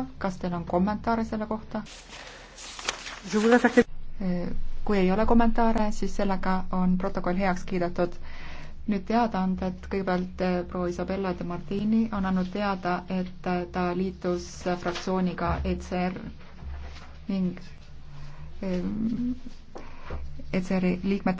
kohta, kas teil on kommentaare selle kohta? Eh, kui ei ole kommentaare, siis sellega on protokoll heaks kiidetud. nüüd teadaanded, kõigepealt eh, proua Isabella de Martini on andnud teada, et eh, ta liitus fraktsiooniga ECR ning ECR-i e liikmete